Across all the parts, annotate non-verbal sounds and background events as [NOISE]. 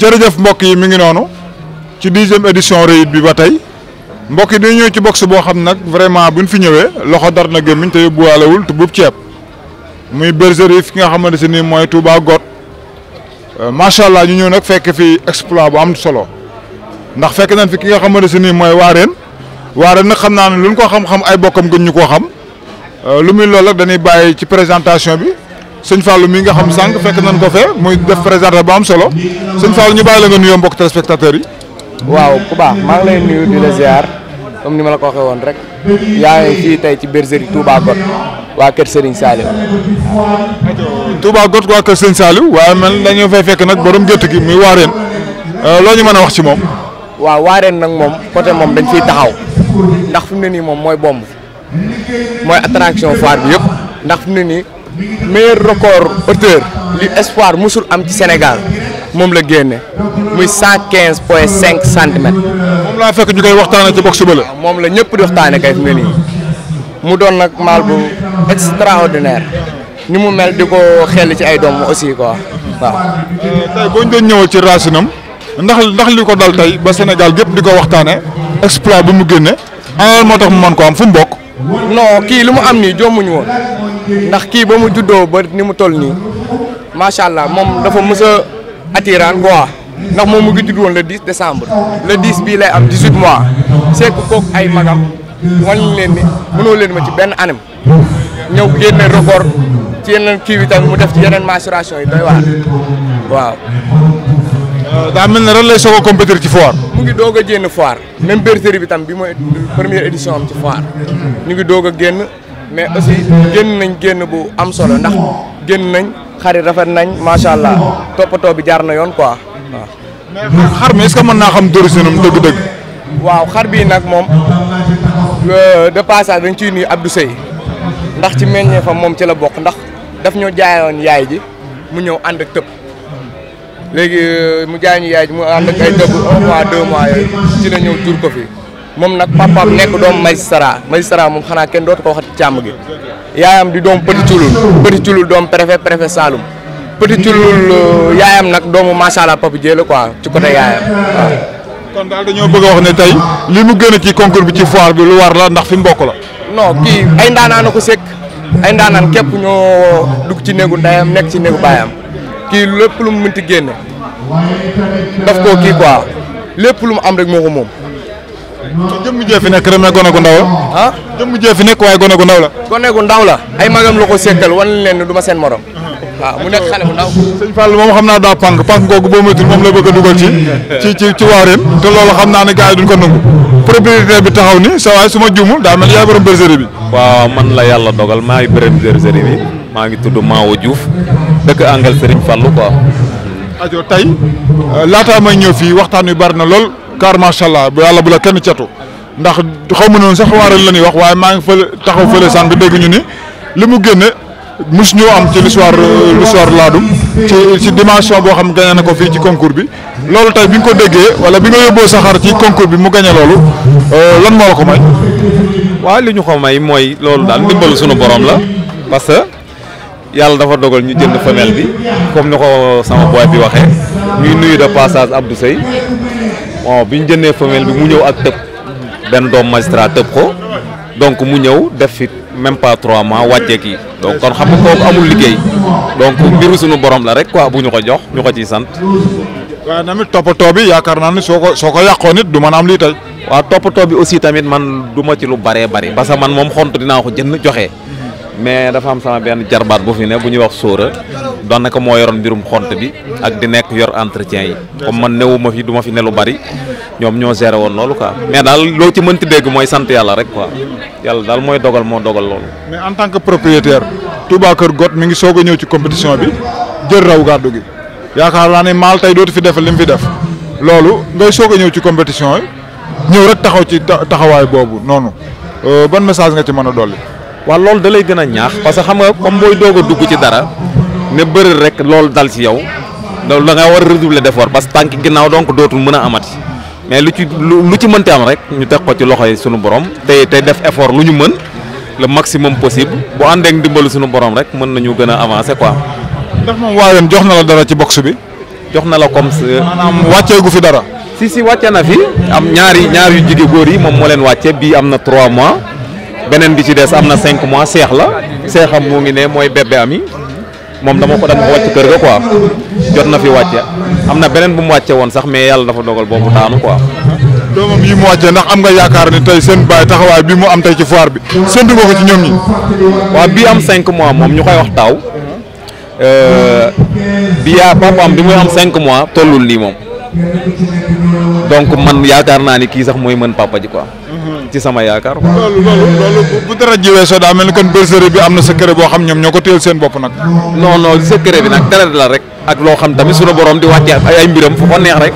jërëjëf mbokk yi mi ngi noonu ci dixième édition réyit bi ba tey mbokk yi dañu ñëw ci box boo xam nag vraiment buñ fi ñëwee loxo dar na gémmiñ te yóbbuwaalewul te buub ceeb muy bergerie ki nga xamante si ni mooy Touba Got euh, macha allah ñu ñëw nag fekk fi exploit bu am solo ndax fekk nañ fi ki nga xamante si ni mooy waareen waareen nag xam naa ne luñ ko xam-xam ay bokkam gën ñu koo xam euh, lu muy loolu rek dañuy bàyyi ci présentation bi. sëñ Fallou mi nga xam sànq fekk nañ ko fee muy def présenté bu am solo sëñ Fallou ñu bàyyi la nga nuyoo mbokk téléspectateurs yi. waaw ku baax maa ngi lay nuyu di la ziar comme ni ma la ko waxee woon rek yaa ngi fii tey ci bergerie Touba Got waa kër Serigne Saliou. Touba Got waa kër Serigne Saliou waaye man dañoo fay fekk nag borom gétt gi muy waareen euh, loo ñu mën a wax ci moom. waaw waareen nag moom côté moom dañ fiy taxaw ndax fi ne nii moom mooy bomb mooy attraction foire bi ndax meilleur record hauteur li espoir mosul am ci Sénégal moom la génne muy cent quinze point cinq centimètres. moom laa fekk ñu koy waxtaanee ci boxe ba la. moom la ñëpp di waxtaanee kay fi mu mu doon nag maal bu extraordinaire ni mu mel di ko xel ci ay doom aussi quoi waaw. Euh, tey boo ñu doon ñëwal ci racinam ndax ndax li ko dal tey ba Sénégal gépp di ko waxtaanee. exploit bi mu génne. ah moo tax mu mën ko am fu mu bokk. non kii lu mu am nii jommuñu woon. ndax kii ba mu juddoo ba ni mu toll nii macha allah moom dafa mës a attirant quoi ndax moom mu ngi judd la le 10 décembre le 10 bii lay am 18 mois seeg kook ay magam wan leen ni mënoo leen ma ci benn anam ñëw génne record ci yeneen kii bi tamit mu def ci yeneen maturation yi doy waar waaw. Euh, daa mel ne ren lay soog a compétir ci foire. mu ngi doog a génn foire même bergerie bi tam bi mooy première édition am ci foire ñu ngi doog a génn. mais aussi génn nañ génn bu am solo ndax génn nañ xar yi rafet nañ macha allah toppatoo bi jaar na yoon quoi waaw. mais xar mi est mën naa xam na mu dëgg-dëgg. waaw xar bii nag moom euh, de passage dañ ciy nuyu Abdou Seye ndax ci meññee fa moom ci la bokk ndax daf ñoo jaayoon yaay ji mu ñëw ànd ak tëb léegi euh, mu jaay yaay ji mu ànd ak ay tëb un mois deux mois ci la ñëw jur ko fi. mom nak papa nek doom magistrat magistrat mom xana ken dot ko waxati cham gi yaayam di dom Petit tulul Petit tulul doom salum. prefet salum Petit tulul yaayam nag doomu macha allah Papa Dieye quoi ci côté yaayam kon dal dañu bëgg wax ne tay limu gëna ci concours bi ci foire bi lu war la ndax fi mu la. non ki ay ndaanaan ko sek ay ndaanaan kep ñoo dug ci negu ndayam nek ci negu bayam ki lepp lu mu mënti daf ko ki quoi lepp lu mu am rek moko mom jëmm jee fi nekk rek mais gone gu ndaw la. ah jëmm jee nekk waaye gone gu ndaw la. gone gu ndaw la ay magam la ko sekkal wan leen ne du ma seen morom. waaw mu nekk xale bu ndaw. sëñ Fall moom xam naa daa pànk pànk googu boo moytuwul moom la bëgg a dugal ci ci ci te loolu xam naa ne gars yi duñ ko nangu bi taxaw ni sa waay su ma juumul daa mel yaay borom bergerie man la yàlla dogal maa ngi borom bergerie bi maa ngi tudd Mawo Diouf dëkk Angal Serigne Fallou quoi. ajo tey laataa may ñë fii waxtaan wi bari na lool car macha allah bu yàlla bu la kenn catu ndax xaw ma noonu sax xawaaral la ñuy wax waaye maa ngi fële taxaw fële sànq dégg ñu ni li mu génne mus ñoo am ci l'histoire l'histoire laadum ci ci dimension boo xam gagné na ko fii ci concours bi loolu tey bi nga ko déggee wala bi nga yóbboo saxaar ci concours bi mu gagné loolu euh, lan moo la ko may. waaw li ñu ko may mooy loolu daal ndimbalu sunu borom la parce que. yàlla dafa dogal ñu jënd femelle bi comme ni ko sama boy bi waxee ñuy nuyu de bon oh, biñu jëne femelle bi mu ñëw ak tepp ben dom magistrat tepp ko donc mu ñëw def fi même pas 3 mois wàccee ki donc kon xam ko amul liggéey donc mbiru suñu borom la rek quoi buñu ko jox ñu ko sante wa nami tamit toppatoo bi yaakaar ni soko soko soo nit du mën am lii tey waaw toppatoo bi aussi tamit man duma ci lu bare bare ba sa man mom xontu dina ko jënd joxe mhm. mais dafa am sama ben jarbar bu fi ne buñu wax sóora daanaka moo yoroon mbirum xont bi ak di nekk yor entretien yi comme man newuma fi du ma fi ne lu bari ñoom ñoo géré woon loolu quoi mais daal loo ci mënti dégg mooy sant yàlla rek quoi yàlla daal mooy dogal moo dogal loolu. mais en tant que propriétaire Touba Kër Got mi ngi soog a ñëw ci compétition bi jël raw gàddu gi yaakaar naa ne maal tey dootu fi def lim mu fi def loolu ngay soog a ñëw ci compétition yi ñëw rek taxaw ci taxawaay boobu noonu euh, ban message nga ci mën a dolli. waaw loolu da lay gën a ñaax parce que xam nga comme booy doog a dugg ci dara. ne bëri rek lol dal ci yow da nga war redoubler d'effort parce que tànk ginnaaw donc dootul meuna a amati mais lu ci lu ci meunte am rek ñu tek ko ci loxoy suñu borom tey tey def effort lu ñu meun le maximum possible bu ande ak dimbal suñu borom rek meun nañu gëna avancer quoi. ndax mom waayoon jox na la dara ci box bi. jox na la comme manam maanaam gu fi dara. si si wàcce na fi am ñaari ñaar yu jige goor yi mom mo leen wàcce bi amna 3 mois benen bi ci dess amna 5 mois cheikh la cheikh am mo ngi ne moy bébé ami mom dama ko dama ko wàcc kër ga quoi jot na fi wàcce amna benen bu mu wàcce won sax mais yalla dafa dogal bobu tanu quoi. domam yi mu wàccee ndax am nga yakar ni tay sen bay taxaway bi mu am tay ci foar bi séntu ko ci ñom ñi. wa bi am 5 mois mom ñukay wax taw euh bi papa am bi mu am 5 mois tolul nii mom donc man yaakar naa ni kii sax moy man papa ji quoi. Mhm. ci sama yaakar bu dara jiwee soo da melni kon bergerie bi amna secret bo xam ñom ñoko teyel seen bop nak non non secret bi nak dara la rek. ak lo xam tamit suñu borom di wacce ay ay mbiram fu ko neex rek.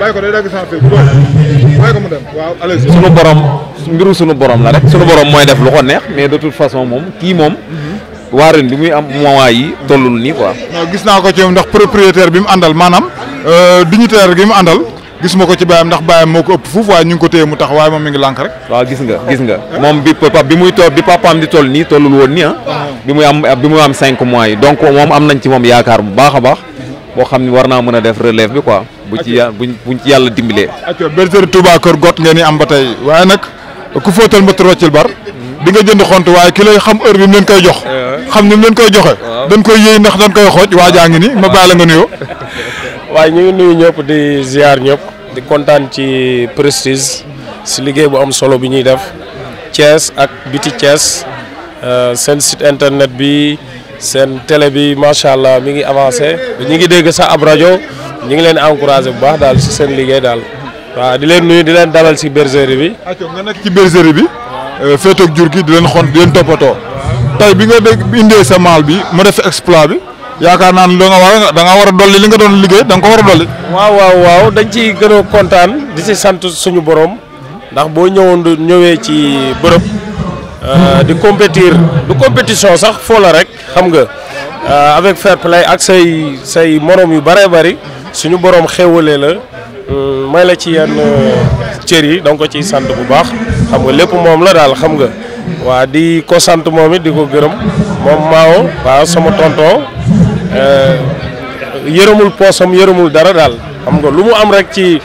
bay ko day dag sa fe bay ko mu dem waaw allez suñu borom mbiru suñu borom la rek suñu borom moy def lu ko neex mais de toute façon mom ki mom mhm. waa bi muy am moment yi tollul ni quoi. gis na ko ci ndax propriétaire bi mu andal manam Euh, dignitaire gi mu àndal gis ma ko ci bàyyam ndax bàyyam moo ko ëpp foofu waaye ñu ko téye mu tax waaye moom mi ngi lànk rek waaw gis nga gis nga moom bi papa bi muy toll bi papaam di toll nii tollul woon nii ah bi muy am cinq mois yi donc moom am nañ ci moom yaakaar bu baax a baax boo xam ne war naa mën a def relève bi ko bu ci buñ ci yàlla dimbalee aco bergerie Touba Kër Got ngeen i am ba tey waaye nag ku fóotal mba troccil bar di nga jënd xont waaye ki xam heure bi mu leen koy jox eh xam ni mu leen koy joxe dañ koy yëy ndax dañ koy xooj waajaa ngi ni ma bàyyi la nga nuyoo [LAUGHS] way ñu nuyu ñëpp di ziar ñëpp di contane ci prestige si liggéey bu am solo bi ñuy def Thiès ak biti Thiès euh, sen site internet bi sen télé bi macha allah mi ngi avancé ñi ngi dégg sa ab radio ñi ngi leen encourager bu baax dal ci sen liggéey dal wa di leen nuyu di leen dalal si bergerie bi. nga nekk ci bergerie bi. Euh, féetoog jur di leen xon di leen toppatoo. tay bi nga dégg indé sa mal bi mo def exploit bi yaaka nan lo nga wara da nga wara doli li nga don liggey da nga ko war a waaw waaw waaw dañ ci gën contane di ci sante suñu borom ndax bo ñëwoon ñëwee ci borop euh di compétir du compétition sax fo la rek xam nga euh avec fair play ak say say morom yu bare bare suñu borom xéwalee la hmm, may la ci yenn euh, cër yi da nga ko ciy sant bu baax xam nga lepp mom la dal xam nga wa di ko sante momit di ko gërëm mom Mao waaw sama tonton. Euh, yërëmul poosam yërëmul dara daal xam nga lu mu am rek ci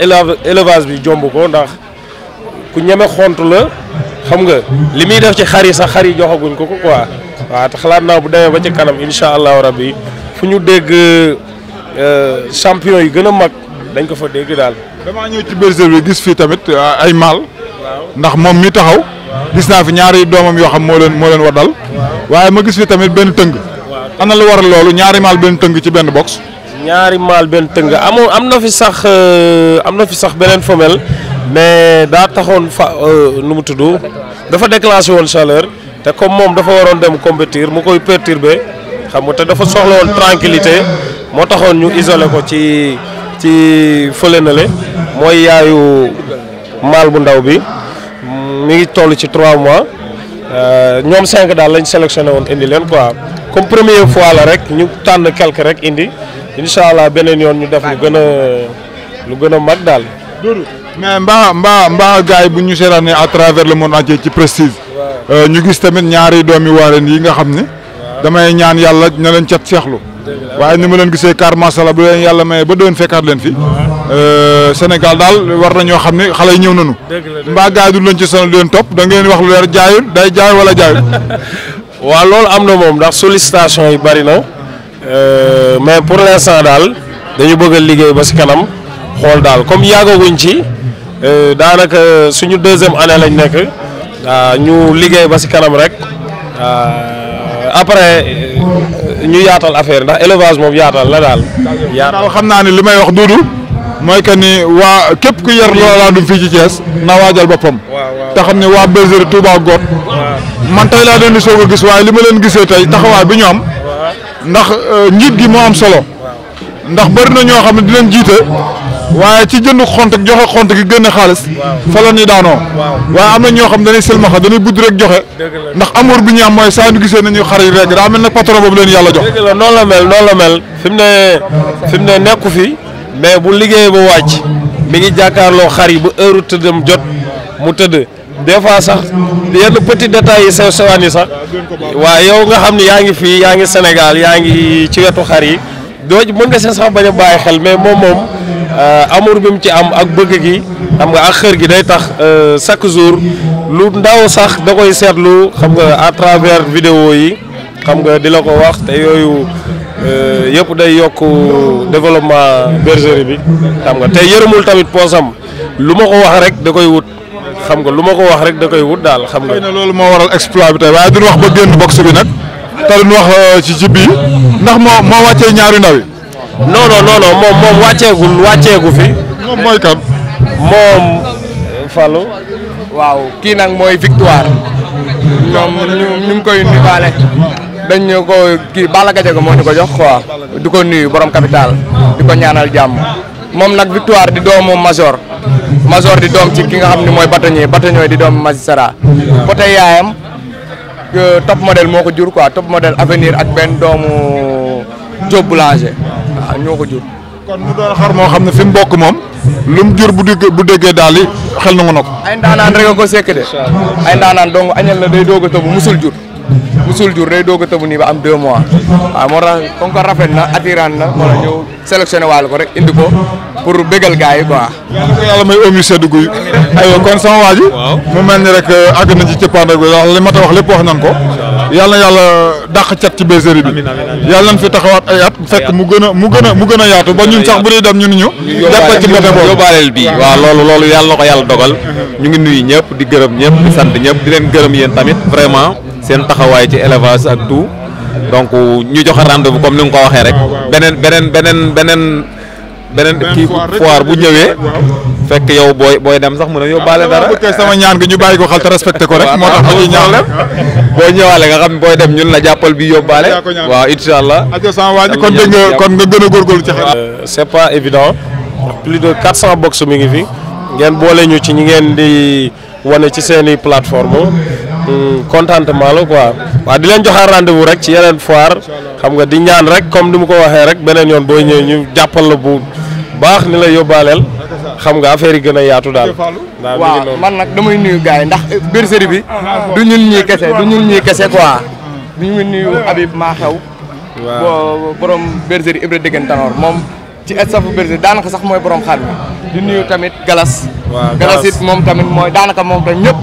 élevage bi jomb ko ndax ku ñeme xont la xam nga li muy def ci xar yi sax xar yi joxaguñ ko ko quoi waaw te xalaat naa bu demee ba ci kanam allah allahu rabbi fu ñu dégg euh, champion yi gën a mag dañ ko fa dégg daal. damaa ñëw ci bergerie bi gis fii tamit euh, ay maal. ndax moom mi taxaw. gis naa fi ñaari doomam yoo xam moo leen moo leen waddal. waaye ma gis fi tamit benn tëng. ana lu waral nyari ñaari mal ben teung ci ben box ñaari mal ben teung amu am na fi sax euh, amna fi sax benen femelle mais da taxone fa euh, nu mu tudd dafa déclenché won chaleur té comme mom dafa waron dem compétir mu koy perturber xam nga té dafa soxla won tranquillité mo taxone ñu isoler ko ci ci feulé na lé moy yaayu mal bu ndaw bi mi ngi tollu ci 3 mois Euh, ñoom cinq daal lañ sélectionné woon indi leen quoi comme première fois la rek ñu tànn quelque rek indi incha allah beneen yoon ñu def lu gën a lu gën a mag daal. mais mbaa mbaa mbaa gars yi bu ñu seetaanee à travers le monde entier ci prestige. Euh, ñu gis tamit ñaari doomi waareen yi nga xam ni damay ñaan yàlla na leen cat seexlu. waaye ni ma leen gisee car masala bu leen yàlla maye ba doon fekkaat leen fii Euh, Sénégal daal war na ñoo xam ne xale ñëw nañu. mbaa gars yi du leen ci sonal di leen topp da ngeen wax lu leer jaayul day jaay wala jaayul. [LAUGHS] waaw loolu am na moom ndax sollicitation yi bari na euh, mais pour l'instant daal dañu bëgg liggéey ba si kanam xool daal comme yàggaguñ ci euh, daanaka suñu deuxième année lañ nekk ñu liggéey ba si kanam rek après ñu yaatal affaire ndax élevage moom yaatal na daal. yaatal xam naa ne li may wax Doudou. mooy que ni waa képp ku yor Ladoum fii ci Thiès na waajal boppam. te xam ne waa Touba got man tay la leen di soog gis way lima len leen gisee tey taxawaay bi ñu am. ndax njiit gi mo am solo. ndax bari na ño xamni di len jité waye ci jënd xont ak joxe xont gi gën xaaliss fa la ni daano waye amna ño ñoo xam dañuy silmaxa dañuy budd rek joxe ndax amour bi ñu am moy saa ñu gisee nañu xari rek da mel nag patron bobu leen yàlla jox. dëgg la noonu la mel non la mel fimne fimne neeku fi. mais bu liggéey ba wàcc mi ngi jàkkaarloo xar yi ba heure tëddam jot mu tëdd des fois sax yenn petit détails yi sew sewaan yi sax waa yow nga xam ni yaa ngi fii yaa ngi Sénégal yaa ngi ci wetu xar yi doo mën nga see sax bañ a bàyyi xel mais moom moom euh, amour bi mu ci am ak bëgg gi xam nga ak xër gi day tax euh, chaque jour lu ndaw sax da koy seetlu xam nga à travers vidéo yi xam nga di la ko wax te yooyu Euh, yëpp day yokku développement bergerie bi xam nga tay yërmul tamit posam luma ko wax rek da koy wut xam nga luma ko wax rek da koy wut dal xam nga. xëy na loolu moo waral exploit bi tay waaye duñ wax ba génn box bi nak te duñ wax euh, ci jibi ndax mo mo wacce ñaari ndaw yi. non non non non wacce moom wacce gu fi. mom moy kan. mom Fallou. waaw ki nak moy victoire. ñom ñu ngi koy nivalé dañ ko ki Balla Gadiaga mo ñu ko jox quoi diko nuyu borom capital diko ñaanal jamm mom nak victoire di doomu major major di doom ci ki nga xamni moy batagne batagne di doom magistrat côté yaayam top model moko jur quoi top model avenir ak ben doomu job boulanger ñoko jur kon mu doon xar mo xam fim bok mom lum jur bu déggee bu déggee dali xel na ko ay ndanan rek ko sekk de ay ndanan dong añal la day doog a musul jur musul jur day doog a tëbu nii ba am deux mois waaw moo tax comme que rafet na attirant na wala ñëw sélectionné waale ko rek indi ko pour bégal gars yi quoi. yàlla ko yàlla may oom yu sedd guy. aywa kon sama waa ji. mu mel ni rek euh, àgg na ci cëppaandag bi ndax li ma ta wax lépp wax nan na yàlla dàq cat ci bergerie bi yàlla nañ fi taxawaat ay at fekk mu gën a mu gën a mu gën a yaatu ba ñun sax bu ñuy dem ñun ñu jàppal ci côté boobu yóbbaaleel bii waaw loolu loolu yàlla na ko yàlla dogal ñu ngi nuyu ñëpp di gërëm ñëpp di sant ñëpp di leen gërëm yéen tamit vraiment seen taxaway ci élevage ak tout donc ñu joxe rendez-vous comme ni ko waxee rek benen benen benen benen benen ki foire bu ñëwé fekk yow boy boy dem sax mën a balé dara bu té sama ñaan gi ñu bayiko xal xel respecté ko rek moo tax dañuy ñaan lépp bo ñëwalé nga xam boy dem ñun la jappal bi yobalé wa inshallah allah sama wañu kon dégg nga kon nga gëna a góorgóorlu ci xel euh, c'est pas évident plus de 400 box mi ngi fi ngeen boole ñu ci ñi ngeen di wone ci seeni plateforme Hmm, contentement la quoi waaw di leen joxaat rendez-vous rek ci yeneen foire xam nga di ñaan rek comme ni mu ko waxee rek beneen yoon boo ñëw ñu jàppal la bu baax ni la yóbbaaleel xam nga affaire yi gën a yaatu daal. waaw man nag damay nuyu gars yi ndax bergerie bi ah, ah, du ñun ñii kese du ñun ñii kese quoi ah. ñu ngi nuyu Habib maa xew waaw borom bergerie Ibra Degen moom ci stafu bergerie daanaka sax mooy borom xar bi di nuyu tamit Galas. waaw moom tamit mooy daanaka moom tamit ñëpp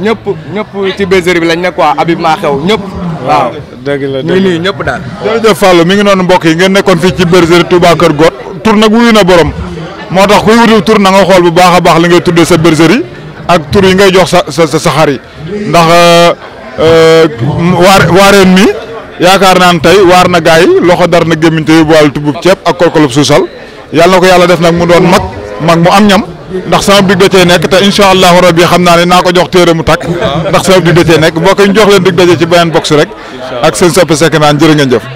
ñëpp ñëpp ci bergerie bi lañ ne quoi Habib maa xew ñëpp waaw deug la deug ni ñepp dal jërëjëf fallu mi ngi non mbokk yi ngeen nekkon fi ci bergerie Touba Keur Got tour nak wuyu na borom motax kuy wutu tour na nga xol bu baaxa baax li ngay tuddé sa bergerie ak tour yi ngay jox sa sa saxar yi ndax euh, euh waren mi yaakar naan tay war na gaay loxo dar na geminte yu boal tubub ciep ak kolkolub susal yalla nako yalla def nak mu doon mag mag mu am ñam ndax sama dig da cee nekk te incha allahu rabi xam naa ne naa ko jox téere mu takk ndax sama dig da nekk mbokk jox leen dig daje ci beneen box rek ak seen soppe sekk naan jërë ngeen